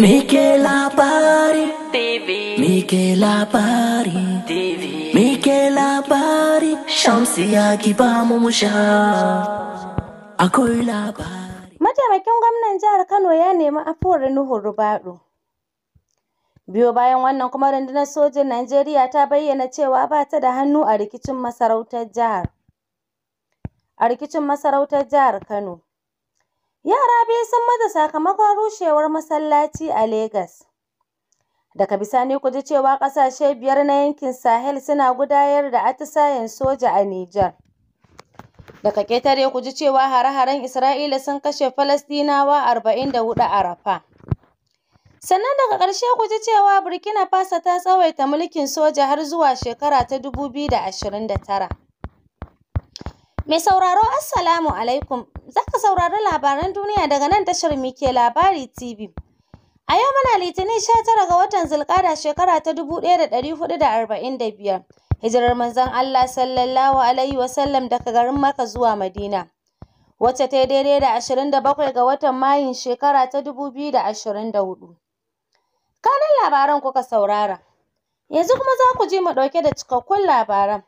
Mike labari TV Mike labari TV Mike labari Shamsiya ya ba mu musha Akwai labari Mataimakin gwamnan jihar Kano ya nemi afuwar Nuhu Rubadu. Biyo bayan wannan kuma rundunar sojin Najeriya ta bayyana cewa ba ta da hannu a rikicin masarautar jihar a rikicin masarautar jihar Kano Yara biyu sun mata sakamakon rushewar masallaci a Legas. Daga bisani ku ji cewa ƙasashe biyar na yankin Sahel suna gudayar da atisayen soja a Nijar. Daga ƙetare ku ji cewa hare-haren Isra'ila sun kashe Falastinawa arba'in da hudu a Rafa. Sannan daga ƙarshe ku ji cewa Burkina Faso ta tsawaita mulkin soja har zuwa shekara ta dubu biyu da ashirin da tara. Mai sauraro Assalamu alaikum. Za ka saurari labaran duniya daga nan tashar Mike Labari TV. A yau muna Litinin sha tara ga watan Zulkada shekara ta dubu ɗaya da da da arba'in hudu biyar, Hijirar manzon Allah sallallahu alaihi wasallam daga garin maka zuwa Madina. Wacce ta daidai da ashirin da bakwai ga watan Mayun shekara ta dubu biyu da da ashirin hudu Kanan labaran kuka saurara. Yanzu kuma za ku je mu ɗauke da cikakkun labaran.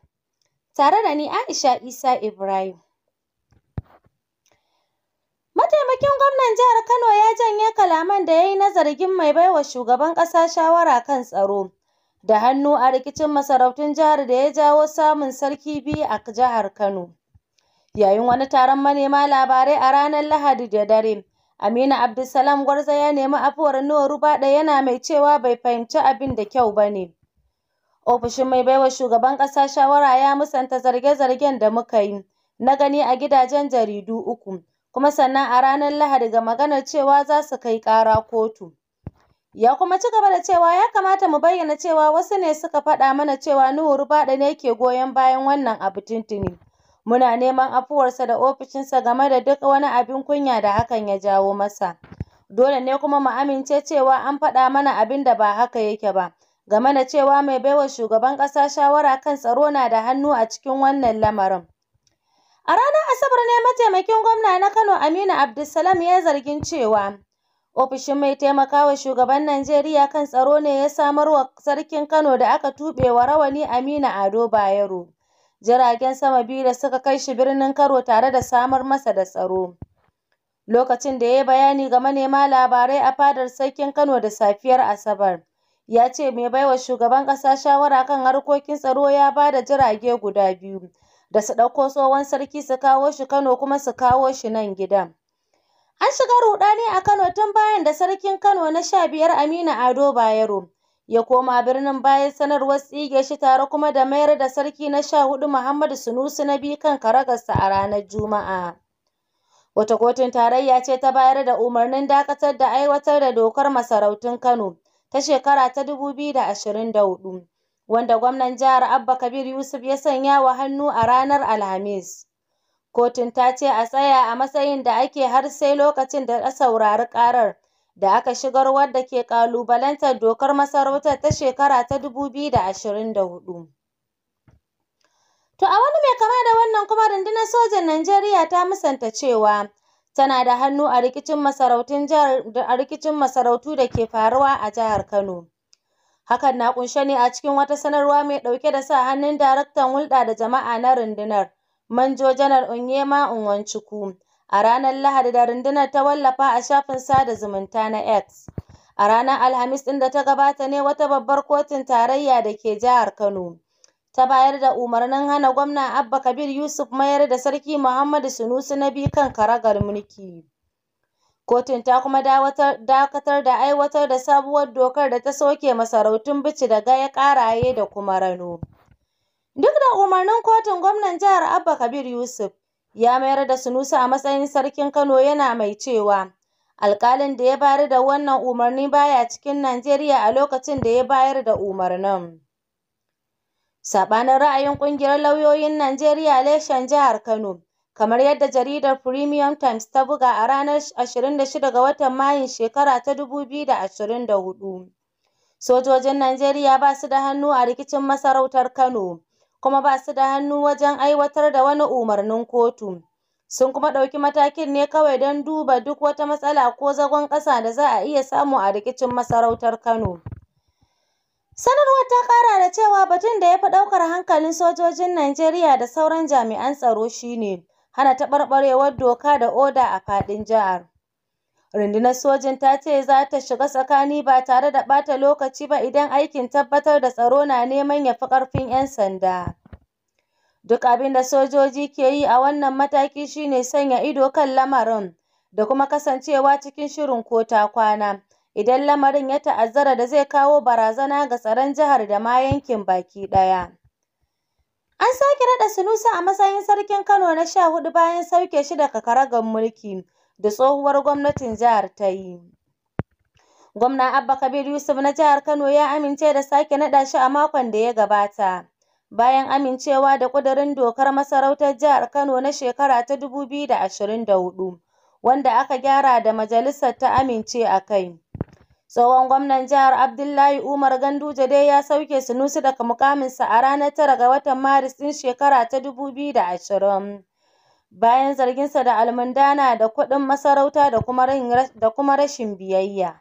tare da ni Aisha Isa Ibrahim. Mataimakin gwamnan jihar Kano ya janye kalaman da ya yi na zargin mai baiwa shugaban ƙasa shawara kan tsaro da hannu a rikicin masarautun jihar da ya jawo samun sarki biyu a jihar Kano. Yayin wani taron manema labarai a ranar Lahadi da dare, Aminu Abdulsalam Gwarza ya nemi afuwar Nuhu Ruba yana mai cewa bai fahimci abin da kyau ba ne. Ofishin mai baiwa shugaban ƙasa shawara ya musanta zarge-zargen da muka yi na gani a gidajen jaridu uku, kuma sannan a ranar Lahadi ga maganar cewa za su kai ƙara kotu. Ya kuma ci gaba da cewa ya kamata mu bayyana cewa wasu ne suka faɗa mana cewa Nuhu rubaɗa ne ke goyon bayan wannan abu tuntuni. Muna neman afuwarsa da ofishinsa game da duk wani abin kunya da hakan ya jawo masa. Dole ne kuma mu amince cewa an faɗa mana abin da ba haka yake ba. game da cewa mai baiwa shugaban ƙasa shawara kan tsaro na da hannu a cikin wannan lamarin. A ranar Asabar ne mataimakin gwamna na Kano Aminu Abdulsalam ya zargin cewa ofishin mai taimakawa shugaban Najeriya kan tsaro ne ya samar wa sarkin Kano da aka tuɓe wa rawani Aminu Ado Bayero. Jiragen sama biyu da suka kai shi birnin Kano tare da samar masa da tsaro. Lokacin da ya yi bayani ga manema labarai a fadar sarkin Kano da safiyar Asabar. ya ce mai baiwa shugaban ƙasa shawara kan harkokin tsaro ya ba da jirage guda biyu da su ɗauko tsohon sarki su kawo shi Kano kuma su kawo shi nan gida. An shiga ruɗani a Kano tun bayan da sarkin Kano na sha biyar Aminu Ado Bayero ya koma birnin bayan sanarwar tsige shi tare kuma da mayar da sarki na sha hudu Muhammadu Sunusi na biyu kan karagarsa a ranar Juma'a. Wata kotun tarayya ce ta bayar da umarnin dakatar da aiwatar da dokar masarautun Kano ta shekara ta dubu biyu da ashirin da hudu wanda gwamnan jihar Abba Kabir Yusuf ya sanya wa hannu a ranar Alhamis. Kotun ta ce a tsaya a matsayin da ake har sai lokacin da ta saurari ƙarar da aka shigar wadda ke ƙalubalantar dokar masarautar ta shekara ta dubu biyu da ashirin da hudu. To a wani mai kama da wannan kuma rundunar sojan Najeriya ta musanta cewa tana da hannu a rikicin masarautun jihar a rikicin masarautu da ke faruwa a jihar Kano. Hakan na ƙunshe ne a cikin wata sanarwa mai ɗauke da sa hannun daraktan hulɗa da jama'a na rundunar, Manjo Janar (UNYEMA) Nwanchukwu, a ranar Lahadi da rundunar ta wallafa a shafin sada zumunta na X. A ranar Alhamis ɗin da ta gabata ne wata babbar kotun tarayya da ke jihar Kano ta bayar da umarnin hana Gwamnan Abba Kabir Yusuf mayar da sarki Muhammadu Sunusi na biyu kan karagar mulki. Kotun ta kuma dakatar da aiwatar da sabuwar dokar da ta soke masarautun bici da gaya karaye da kuma rano. Duk da umarnin kotun gwamnan jihar Abba Kabir Yusuf ya mayar da Sunusi a matsayin sarkin Kano yana mai cewa alkalin da ya bayar da wannan umarni baya cikin Najeriya a lokacin da ya bayar da umarnin. Saɓanin ra'ayin ƙungiyar lauyoyin Najeriya leshen Jihar Kano, kamar yadda jaridar Premium Times ta buga a ranar 26 ga watan Mayun shekara ta 2024, sojojin Najeriya ba su da hannu a rikicin masarautar Kano, kuma ba su da hannu wajen aiwatar da wani umarnin kotu. Sun kuma ɗauki matakin ne kawai don duba duk wata matsala ko zagon ƙasa da za a iya samu a rikicin masarautar Kano. Sanarwar ta kara da cewa batun da ya fi ɗaukar hankalin sojojin Najeriya da sauran jami'an tsaro shine hana taɓarɓarewar doka da oda a faɗin jihar. Rundunar sojin ta ce za ta shiga tsakani ba tare da ɓata lokaci ba idan aikin tabbatar da tsaro na neman ya fi ƙarfin 'yan sanda. Duk abin da sojoji ke yi a wannan mataki shine sanya ido kan lamarin da kuma kasancewa cikin shirin ko ta kwana idan lamarin ya ta'azzara da zai kawo barazana ga tsaron jihar da ma yankin baki ɗaya. An sake naɗa Sunusi a matsayin sarkin Kano na sha hudu bayan sauke shi daga karagar mulki da tsohuwar gwamnatin jihar ta yi. Gwamna Abba Kabir Yusuf na jihar Kano ya amince da sake naɗa shi a makon da ya gabata. Bayan amincewa da ƙudurin dokar masarautar jihar Kano na shekara ta dubu biyu da da ashirin hudu, wanda aka gyara da majalisar ta amince a kai. Tsohon gwamnan jihar Abdullahi Umar Ganduje dai ya sauke sunusu daga mukaminsa a ranar tara ga watan Maris ɗin shekara ta dubu biyu da ashirin. Bayan zarginsa da almundana da kuɗin masarauta da kuma rashin biyayya.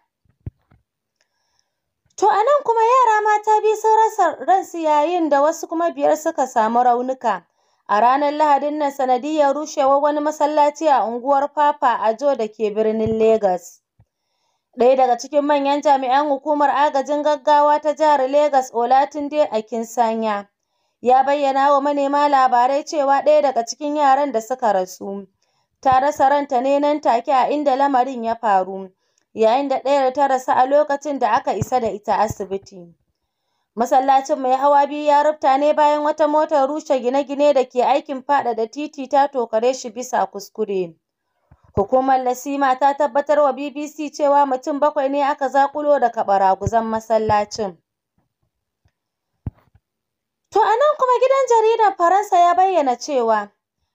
To a nan kuma yara mata biyu sun rasa ransu yayin da wasu kuma biyar suka samu raunuka. A ranar Lahadin nan sanadiyyar rushewar wani masallaci a unguwar Fafa a Jo da ke birnin Legas. Ɗaya daga cikin manyan jami'an hukumar agajin gaggawa ta jihar Legas Olatunde Akinsanya ya bayyana wa manema labarai cewa ɗaya daga cikin yaran da suka rasu ta rasa ranta ne nan take a inda lamarin ya faru yayin da da ta rasu a lokacin da aka isa da ita asibiti. Masallacin mai hawa biyu ya rufta ne bayan wata motar rushe gine-gine da ke aikin faɗaɗa titi ta tokare shi bisa kuskure. Hukumar Lasima ta tabbatar wa BBC cewa mutum bakwai ne aka zakulo daga baraguzan masallacin. To a nan kuma gidan jaridar Faransa ya bayyana cewa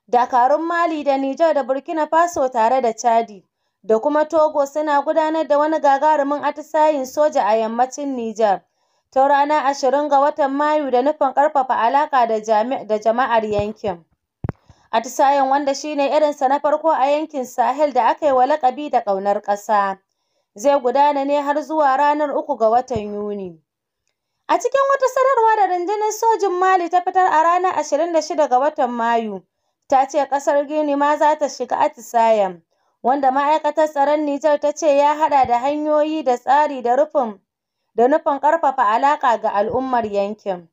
dakarun Mali da Nijar da Burkina Faso tare da Chadi da kuma Togo suna gudanar da wani gagarumin atisayin soja a yammacin Nijar ta ranar ashirin ga watan Mayu da nufin ƙarfafa alaƙa da jama'ar yankin. Atisayen wanda shine irinsa na farko a yankin Sahel da aka yi wa lakabi da ƙaunar ƙasa. Zai gudana ne har zuwa ranar uku ga watan Yuni. A cikin wata sanarwa da rundunar sojin Mali ta fitar a ranar 26 ga watan Mayu, ta ce ƙasar Gini ma za ta shiga atisayen, wanda ma'aikatar tsaron Nijar ta ce ya haɗa da hanyoyi da tsari da rufin da nufin ƙarfafa alaƙa ga al'ummar yankin.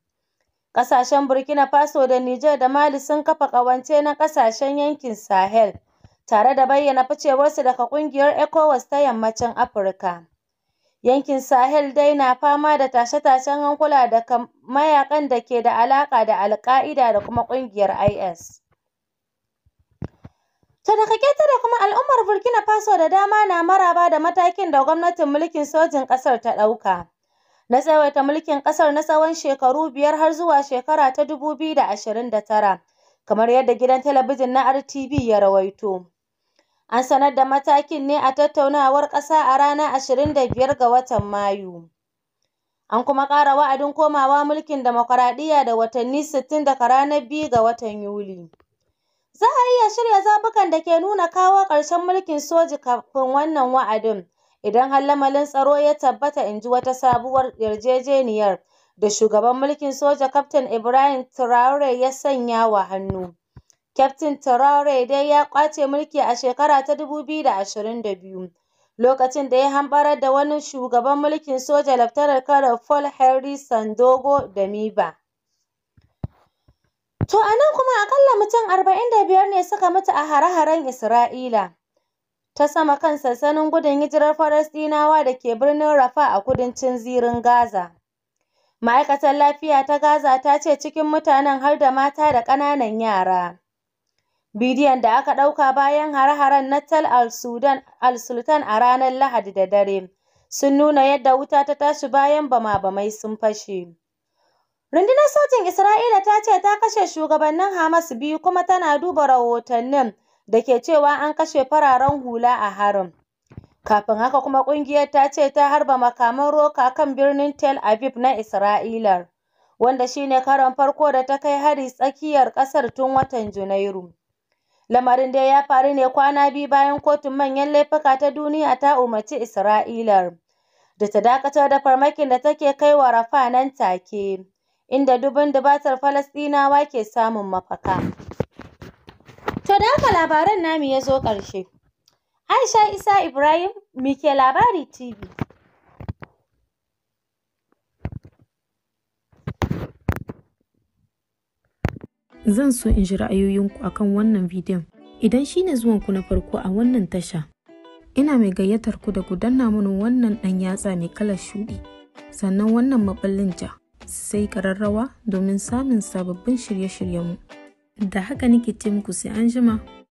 Ƙasashen Burkina Faso da Nijar da Mali sun kafa ƙawance na ƙasashen yankin Sahel, tare da bayyana ficewarsu daga ƙungiyar ECOWAS ta Yammacin Afirka. Yankin Sahel dai na fama da tashe-tashen hankula daga mayaƙan da ke da alaƙa da Alƙa'ida da kuma ƙungiyar IS. To daga kuma al'ummar Burkina Faso da dama na maraba da matakin da gwamnatin mulkin sojin ƙasar ta ɗauka. na tsawaita mulkin ƙasar na tsawon shekaru biyar har zuwa shekara ta dubu biyu da ashirin da tara kamar yadda gidan talabijin na RTV ya rawaito. An sanar da matakin ne a tattaunawar ƙasa a ranar ashirin da biyar ga watan Mayu. An kuma ƙara wa'adin komawa mulkin demokuraɗiyya da watanni sittin daga ranar biyu ga watan Yuli. Za a iya shirya zaɓukan da ke nuna kawo ƙarshen mulkin soji kafin wannan wa'adin. idan har lamarin tsaro ya tabbata in ji wata sabuwar yarjejeniyar da shugaban mulkin soja Captain Ibrahim Traore ya sanya wa hannu. Captain Traore dai ya kwace mulki a shekara ta dubu biyu da ashirin da biyu lokacin da ya hambarar da wani shugaban mulkin soja Laftanar Kanar Paul Henry Sandogo Damiba. To a nan kuma aƙalla mutum arba'in da biyar ne suka mutu a hare-haren Isra'ila. ta sama kan sansanin gudun hijirar Falasɗinawa da ke birnin Rafa a kudancin zirin Gaza. Ma'aikatar lafiya ta Gaza ta ce cikin mutanen har da mata da ƙananan yara. Bidiyon da aka ɗauka bayan hare-haren na Tal al-Sultan a ranar Lahadi da dare sun nuna yadda wuta ta tashi bayan bama-bamai sun fashe. Rundunar sojin Isra'ila ta ce ta kashe shugabannin Hamas biyu kuma tana duba rahotannin da ke cewa an kashe fararen hula a harin. Kafin haka kuma ƙungiyar ta ce ta harba makaman roka kan birnin Tel Aviv na Isra'ilar, wanda shi ne karon farko da ta kai hari tsakiyar ƙasar tun watan Janairu. Lamarin dai ya faru ne kwana biyu bayan kotun manyan laifuka ta duniya ta umarci Isra'ilar da ta dakatar da farmakin da take kai wa Rafa nan take, inda dubun dubatar Falasɗinawa ke samun mafaka. To da haka labaran namu ya zo ƙarshe. Aisha Isa Ibrahim, mike labari TV. Zan so in ji ra'ayoyinku a kan wannan bidiyon. Idan shi ne zuwanku na farko a wannan tasha, ina mai gayyatar ku da ku danna mana wannan ɗan yatsa mai kalar shuɗi, sannan wannan maɓallin ja, sai ƙararrawa domin samun sababbin shirye-shiryenmu. da haka nake ce muku sai an jima.